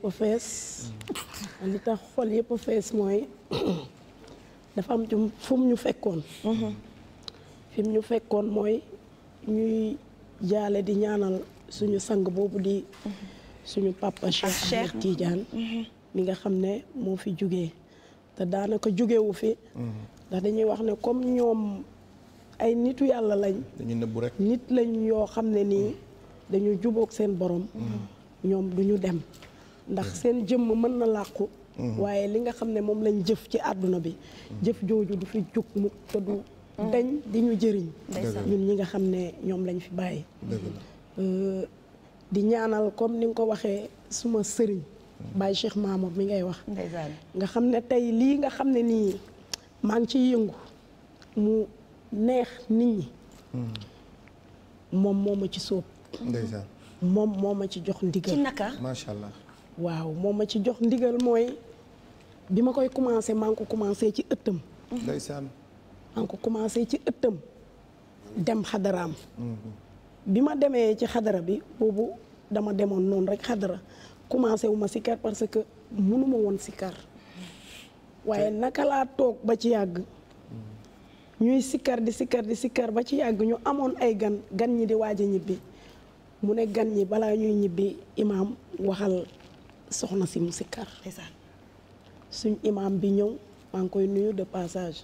yëpp a fees mm. li tax xol yëpp a fees mooy dafa am jum fu mu ñu fekkoon mm-hmm. fi mu ñu fekkoon mooy ñuy jaale di ñaanal suñu sang boobu di mm-hmm. suñu papa Cheikh Ahmed Tidiane mm-hmm. mi nga xam ne moo fi jugee te daanaka jógewu fi ndax dañuy wax ne comme ñoom ay nitu yàlla lañ dañu nit lañ yoo xam ne nii dañu jubook seen boroom ñoom du ñu dem ndax seen jëmm mën na làqu mhm. waaye li nga xam ne moom lañ jëf ci àdduna bi mhm. jëf jooju du fi jug mu te du mhm. dañ di ñu jëriñ ñun ñi nga xam ne ñoom lañ fi bàyyi euh, di ñaanal comme ni nga ko waxee suma sëriñ Baye Cheikh Mamour mi ngay wax nga xam ne tey lii nga xam ne nii maa ngi ciy yëngu mu neex nit ñi moom moo ma ci sóob moom moo ma ci jox ndigal ci naka macha allah waaw moom ma ci jox ndigal mooy bi ma koy commencé maa ngi ko commencé ci ëttam. ndeysaan. commencé ci ëttam dem xadaraam. Mm-hmm. bi ma demee ci xadara bi boobu dama demoon noonu rek xadara commencé wu ma sikar parce que mënu woon sikar waaye naka laa toog ba ci yàgg. Mm-hmm. ñuy sikkar di sikkar di sikkar ba ci yàgg ñu amoon ay gan gan ñi di waaj ñibbi mu ne gan ñi balaa ñuy ñibbi imaam waxal soxna si mu sikkar suñ imam bi ñew maa koy nuyu de passage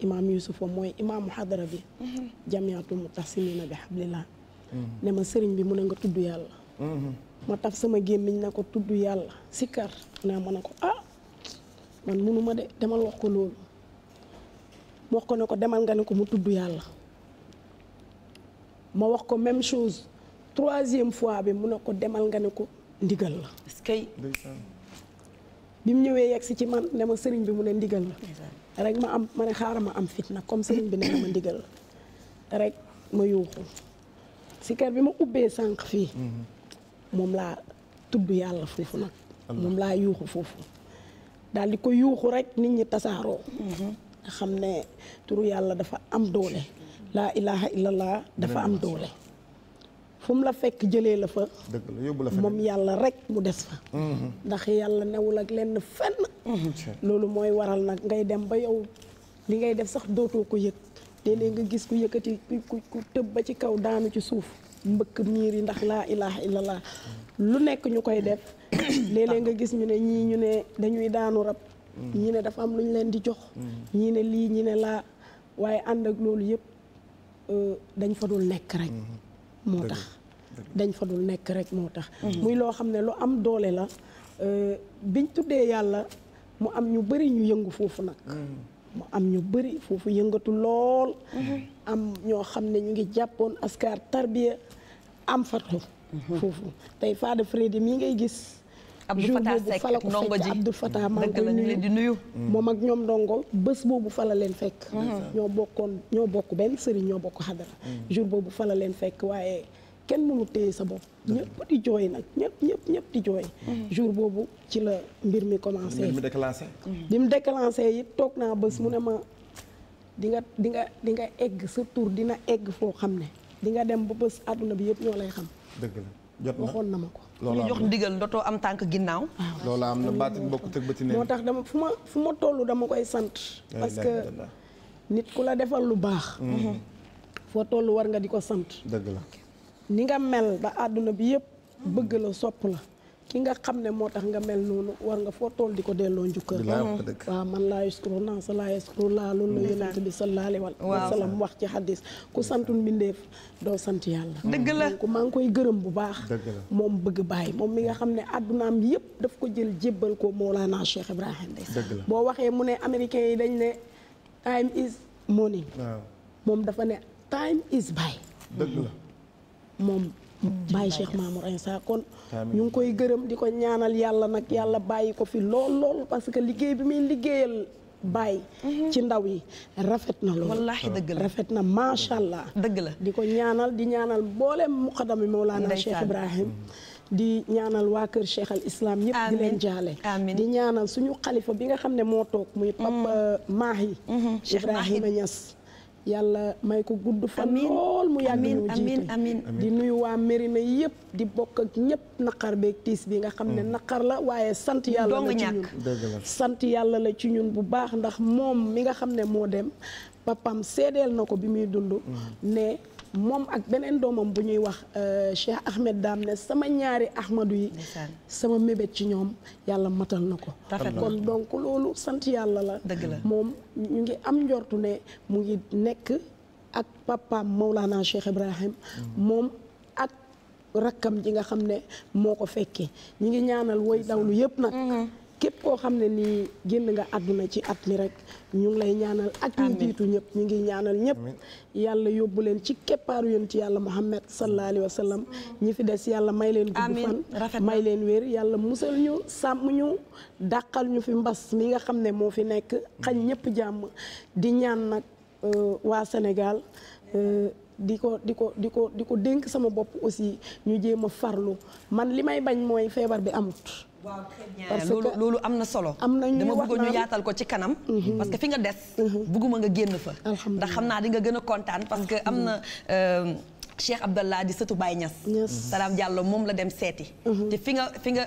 imam yusuf mooy imam hadra bi. Mm-hmm. jamiatu mu bi hablillah mm-hmm. ne ma serigne bi mu ne nga tuddu yalla mm-hmm. ma taf sama gémmiñ nako tuddu yalla yàlla sikkar naa ma ne ah man munu ma de demal wax ko lolu wax ko nako demal nga ne ko mu tuddu yalla ma wax ko même chose troisième fois bi mu nako demal nga ne ko. ndigal la. kay bi mu ñëwee yegg si ci man ne ma sëriñ bi mu ne ndigal la. rek ma am ma ne xaaral ma am fit nag comme sëriñ bi ne ma ndigal la rek ma yuuxu si kër bi ma ubbee sànq fii. Mhm. moom laa tudd yàlla foofu nag. moom laa yuuxu foofu. daal di ko yuuxu rek nit ñi tasaaroo. Mhm. xam ne turu yàlla dafa am doole. laa ilaha illallah dafa am doole. fu la fekk jëlee la fa. dëgg moom yàlla rek mu des fa. Mm-hmm. ndax yàlla newul ak lenn fenn. Mm-hmm. loolu mooy waral nag ngay dem ba yow li ngay def sax dootoo ko yëg léeg nga gis ku yëkkati ku tëb ba ci kaw daanu ci suuf mbëkk miir yi ndax laa ilaha illallah mm-hmm. lu nekk ñu koy def léeg nga gis ñu ne ñii ñu ne dañuy daanu rab. ñii ne dafa am lu ñu leen di jox. ñii ne lii ñii ne laa waaye ànd ak loolu yëpp euh, dañ fa dul nekk rek. moo tax dañ fa dul nekk rek moo tax mm-hmm. muy loo xam ne lu am doole la euh, biñ tuddee yàlla mu am ñu bëri ñu yëngu foofu nag mm-hmm. mu am ñu bëri foofu yëngatu lool mm-hmm. am ñoo xam ne ñu ngi jàppoon askar tarbiya am fatu foofu tey Fada Freddy mii ngay gis Abdou Fatah Seck ndongo ji Abdou Fatah maa ngi koy nuyu di nuyu moom ak ñoom ndongo bés boobu fa leen fekk ñoo bokkoon ñoo bokk benn sëriñ bokk xadara mm. jour boobu fala leen fekk waaye kenn mënu téye sa bopp ñëpp di jooy nag ñëpp ñëpp di jooy mm. jour boobu ci la mbir mi commencé mbir mi déclenché mm. bi mu déclenché it toog naa bés mu ne ma di nga dinga di nga egg sa tur dina egg foo xam ne di nga dem ba bës àdduna bi yëpp ñoo lay xam dëgg la jot na waxoon na ma ko. loolu jox ndigal dootoo am tànk ginnaaw. Ah, loolu am na baatin bokkut ba ti ne moo tax dama fu ma fu ma tollu dama koy sant. parce nit ku la defal lu baax. Mm-hmm. foo toll war nga di ko sant. dëgg la ni nga mel ba àdduna bi yëpp bëgg la sopp la. ki nga xam ne moo tax nga mel noonu war nga foo tool di ko delloo njukkal waaw man laa yaskuru naasa laa yaskuru laa loolu la yonent bi sallallahu alayhi wa sallam wax ci xadis ku santul mbindeef doo sant yàlla dëgg la ku maa ngi koy gërëm bu baax moom bëgg bàyyi moom mi nga xam ne àddunaam yëpp daf ko jël jébbal ko moo laa Mawlana Cheikh Ibrahim Niass boo waxee mu ne américain yi dañ ne time is money moom dafa ne time is buy moom bàyyi Cheikh Mamour Insa kon ñu ngi koy gërëm di ko ñaanal yàlla nag yàlla bàyyi ko fi lool lool parce que liggéey bi muy liggéeyal bàyyi mhm. ci ndaw yi rafet na loolu wallaahi dëgg rafet na macha allah dëgg la di ko ñaanal di ñaanal mboolem muqaddami Mawlana Cheikh Ibrahim di ñaanal waa kër Cheikh al Islam yëpp di leen jaale di ñaanal suñu xalifa bi nga xam ne moo toog muy papa mhm. Mahi mhm. Cheikh Ibrahima Niass yàlla may ko gudd fan mu yàgg ñu jiite amiin di nuyu waa Mérina yëpp di bokk ak ñëpp naqar beeg tiis bi nga xam ne mm. naqar la waaye sant yàlla la ci ñun sant yàlla la ci ñun bu baax ndax moom mi nga xam ne moo dem papam seedeel na ko bi muy dund mm. ne moom ak beneen doomam bu ñuy wax euh, Cheikh Ahmed Dame ne sama ñaari Ahmadu yi sama mébét ci ñoom yàlla matal na ko kon donc loolu sant yàlla la moom ñu ngi am njortu ne mu ngi nekk ak papaam Mawlana Cheikh Ibrahim mm-hmm. moom ak rakkam ji nga xam ne moo ko fekkee ñi ngi ñaanal woy dawlu yëpp nag mm-hmm. képp koo xam ne nii génn nga àdduna ci at mi rek ñu ngi lay ñaanal ak ñi ñëpp ñu ngi ñaanal ñëpp yàlla yóbbu leen ci keppaaru yoon ci yàlla Muhammad sallallahu alayhi wa sallam mm-hmm. ñi fi des yàlla may leen gudd fan may leen wér yàlla musal ñu sàmm ñu dàqal ñu fi mbas mi nga xam ne moo fi nekk xañ ñëpp jàmm di ñaan nag Euh, waa Sénégal euh, di ko di ko di ko di ko dénk sama bopp aussi ñu jéem a farlu man li may bañ mooy feebar bi amut. waaw parce que loolu am na solo. am na ñuy dama bëggoon ñu yaatal ko ci kanam. Mhm. parce que fi nga des. Mhm. bëgguma nga génn fa. ndax xam naa di nga gën a kontaan parce que am na. Euh, Cheikh Abdallah di satu Baye ñas Yes. Salam moom la dem seeti. Mhm. te fi nga fi nga.